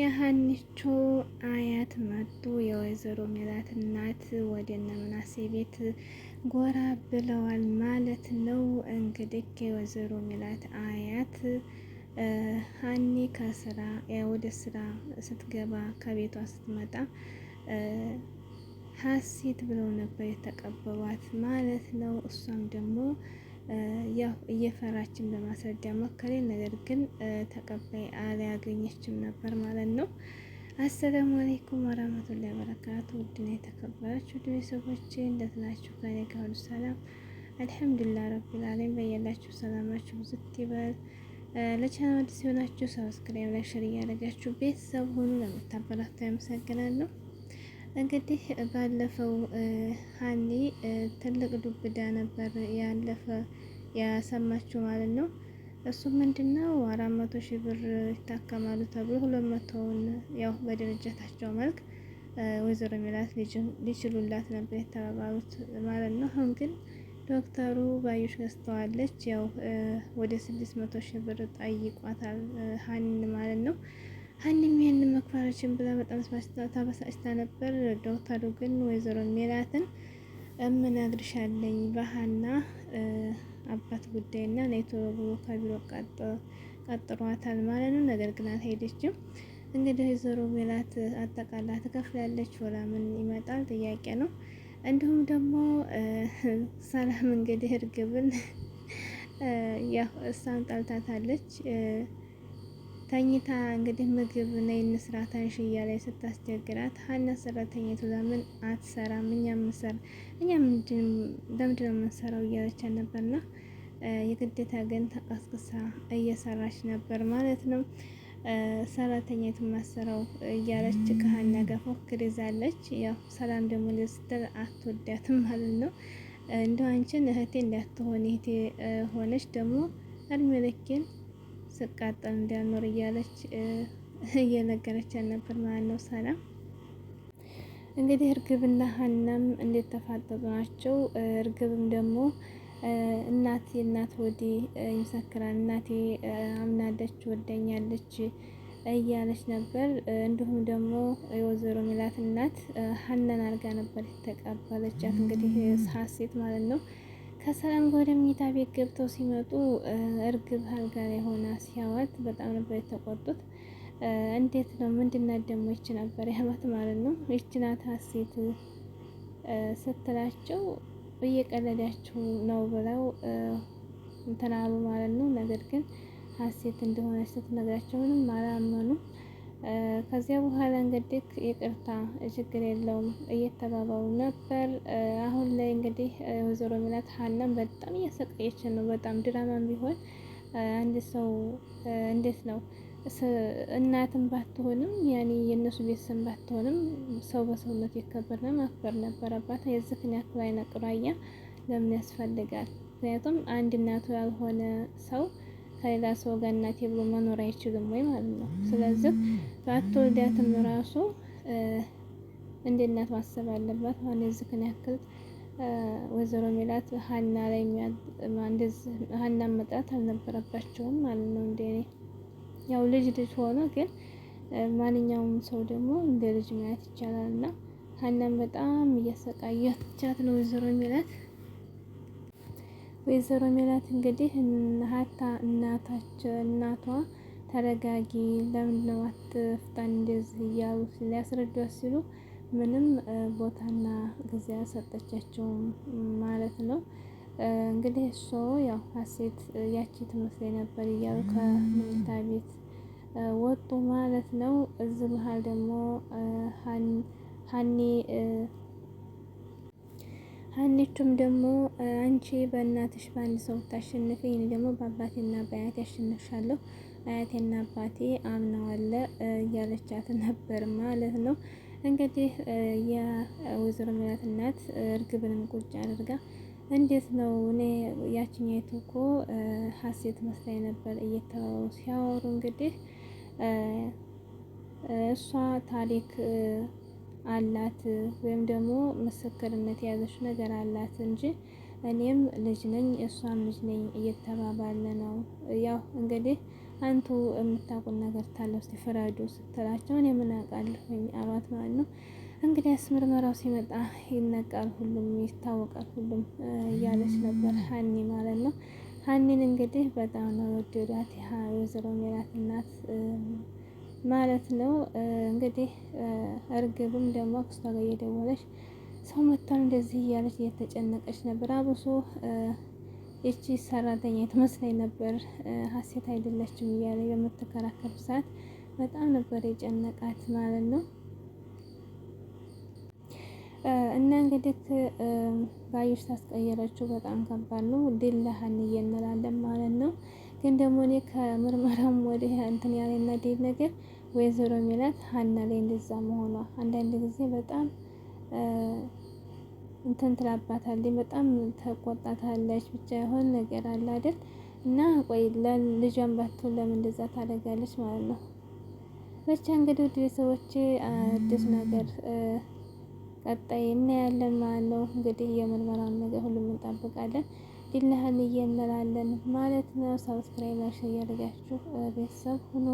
የሀኒቾ አያት መጡ። የወይዘሮ ሜላት እናት ወደ እነ ምናሴ ቤት ጎራ ብለዋል ማለት ነው። እንግዲህ የወይዘሮ ሜላት አያት ሀኒ ከስራ ወደ ስራ ስትገባ ከቤቷ ስትመጣ ሀሴት ብለው ነበር የተቀበሏት ማለት ነው። እሷም ደግሞ ያው እየፈራችን ለማስረዳ ሞከሬ፣ ነገር ግን ተቀባይ አላገኘችም ነበር ማለት ነው። አሰላሙ አለይኩም ወራህመቱላሂ ወበረካቱ። ውድና የተከበራችሁ ውድ ሰዎች እንደት ናችሁ? ከኔ ጋር ሁሉ ሰላም አልሐምዱሊላህ ረቢል ዓለሚን። በያላችሁ ሰላማችሁ ብዙት ይበል። ለቻናል አዲስ የሆናችሁ ሰብስክራይብ፣ ላይክ፣ ሼር እያደረጋችሁ ቤተሰብ ሁኑ ለምታበረታችሁ ያመሰግናለሁ። እንግዲህ ባለፈው ሀኒ ትልቅ ዱብዳ ነበር ያለፈ ያሰማችው ማለት ነው። እሱ ምንድነው አራት መቶ ሺህ ብር ይታከማሉ ተብሎ ሁለት መቶውን ያው በድርጅታቸው መልክ ወይዘሮ ሚላት ሊችሉላት ነበር የተባባሉት ማለት ነው። አሁን ግን ዶክተሩ ባዩሽ ገዝተዋለች ያው ወደ ስድስት መቶ ሺህ ብር ጠይቋታል ሀኒን ማለት ነው። ሀኒም ይህንን መክፈራችን ብላ በጣም ተበሳጭታ ነበር። ዶክተሩ ግን ወይዘሮ ሜላትን እምነግርሻለኝ በሀና አባት ጉዳይና ኔትወር ብሎ ከቢሮ ቀጥሯታል ማለት ነው። ነገር ግን አልሄደችም። እንግዲህ ወይዘሮ ሜላት አጠቃላ ትከፍላለች። ወላ ምን ይመጣል ጥያቄ ነው። እንዲሁም ደግሞ ሰላም እንግዲህ እርግብን ያው እሷን ጠልታታለች። ተኝታ እንግዲህ ምግብ ነይ እንስራ ተንሽ እያለች ስታስቸግራት ሀና ሰራተኛቱ ለምን አትሰራም? እኛ ምንሰራ እኛ ለምንድን ነው የምንሰራው እያለች ነበርና የግዴታ ግን ተቀስቅሳ እየሰራች ነበር ማለት ነው። ሰራተኛቱ ማሰራው እያለች ከሀና ጋር ፎክሪዛለች። ያው ሰላም ደግሞ ስትል አትወዳትም ማለት ነው። እንደ አንቺን እህቴ እንዳትሆን እህቴ ሆነች ደግሞ እድሜ ልኬን ስቃጠል እንዲያኖር እያለች እየነገረችን ነበር ማለት ነው ሰላም። እንግዲህ እርግብና ሀናም እንዴት ተፋጠጡ ናቸው። እርግብም ደግሞ እናት የእናት ወዲ ይመሰክራል፣ እናቴ አምናለች፣ ወደኛለች እያለች ነበር። እንዲሁም ደግሞ የወይዘሮ ሚላት እናት ሀናን አድርጋ ነበር የተቀበለቻት እንግዲህ ሀሴት ማለት ነው። ከሰላም ወደ መኝታ ቤት ገብተው ሲመጡ እርግብ አልጋ ላይ ሆና ሲያዋት በጣም ነበር የተቆጡት። እንዴት ነው ምንድና ደግሞ ይች ነበር ያሏት ማለት ነው። ይች ናት ሀሴት ስትላቸው እየቀለዳችሁ ነው ብለው እንትን አሉ ማለት ነው። ነገር ግን ሀሴት እንደሆነች ምንም አላመኑም። ከዚያ በኋላ እንግዲህ ይቅርታ ችግር የለውም እየተባባሉ ነበር። አሁን ላይ እንግዲህ ወይዘሮ ሚላት ሀናም በጣም እያሰቃየች ነው። በጣም ድራማም ቢሆን አንድ ሰው እንዴት ነው እናትም ባትሆንም ያኔ የእነሱ ቤተሰብ ባትሆንም ሰው በሰውነት ነው ማክበር ነበረባት። የዝክን ያክል አይነ ቁራያ ለምን ያስፈልጋል? ምክንያቱም አንድ እናቱ ያልሆነ ሰው ከሌላ ሰው ጋር እናቴ ብሎ መኖር አይችልም ወይ ማለት ነው። ስለዚህ በአትወልዳትም ራሱ እንደ እናት ማሰብ አለባት ማለት እዚህ ያክል ወይዘሮ ሜላት ሀና ላይ እንደዚህ ሀና መጣት አልነበረባቸውም ማለት ነው። እንደ እኔ ያው ልጅ ልጅ ሆኖ ግን ማንኛውም ሰው ደግሞ እንደ ልጅ ማየት ይቻላል እና ሀናም በጣም እያሰቃየቻት ነው ወይዘሮ ሜላት ወይዘሮ ሜላት እንግዲህ ሀታ እናታቸው እናቷ ተረጋጊ፣ ለምንድነው አትፍጠን እንደዚህ እያሉ ሊያስረዷት ሲሉ ምንም ቦታና ጊዜ አልሰጠቻቸውም ማለት ነው። እንግዲህ እሱ ያው ሀሴት ያቺ ትመስለኝ ነበር እያሉ ከመኝታ ቤት ወጡ ማለት ነው። እዚህ መሀል ደግሞ ሀኒ ሀኒቹም ደግሞ አንቺ በእናትሽ በአንድ ሰው ታሸንፊ፣ እኔ ደግሞ በአባቴና በአያቴ አሸንፍሻለሁ፣ አያቴና አባቴ አምነዋለ እያለቻት ነበር ማለት ነው። እንግዲህ የወይዘሮ ሜላት እናት እርግብንም ቁጭ አድርጋ እንዴት ነው እኔ ያችኛይቱ እኮ ሀሴት መስላኝ ነበር እየተባባሉ ሲያወሩ እንግዲህ እሷ ታሪክ አላት ወይም ደግሞ ምስክርነት የያዘች ነገር አላት እንጂ እኔም ልጅ ነኝ እሷም ልጅ ነኝ እየተባባለ ነው። ያው እንግዲህ አንቱ የምታውቁን ነገር ታለው እስቲ ፍረዱ ስትላቸው እኔ ምን አውቃለሁኝ አሏት ማለት ነው። እንግዲያስ ምርመራው ሲመጣ ይነቃል፣ ሁሉም ይታወቃል፣ ሁሉም እያለች ነበር ሀኒ ማለት ነው። ሀኒን እንግዲህ በጣም ነው የወደዷት ወይዘሮ ሜላት እናት ማለት ነው። እንግዲህ እርግብም ደግሞ አክስቷ ጋር እየደወለች ሰው መቷል እንደዚህ እያለች እየተጨነቀች ነበር። አብሶ ይቺ ሰራተኛ ትመስለኝ ነበር ሀሴት አይደለችም እያለ በምትከራከር ሰዓት በጣም ነበር የጨነቃት ማለት ነው። እና እንግዲህ ባዩሽ ታስቀየረችው በጣም ከባድ ነው። ድል ለሀንዬ እንላለን ማለት ነው። ግን ደግሞ እኔ ከምርመራም ወደ እንትን ያለ ዴት ነገር ወይዘሮ ሚላት ሀና ላይ እንደዛ መሆኗ አንዳንድ ጊዜ በጣም እንትን ትላባታለች፣ በጣም ተቆጣታለች። ብቻ የሆን ነገር አለ አይደል? እና ቆይ ልጇን ባትሆን ለምን እንደዛ ታደርጋለች ማለት ነው። ብቻ እንግዲህ ውድ ቤተሰቦቼ አዲስ ነገር ቀጣይ እናያለን ማለት ነው። እንግዲህ የምርመራውን ነገር ሁሉም እንጠብቃለን። ኢላህን እንላለን ማለት ነው። ሰብስክራይብ አድርጋችሁ ቤተሰብ ሁኑ።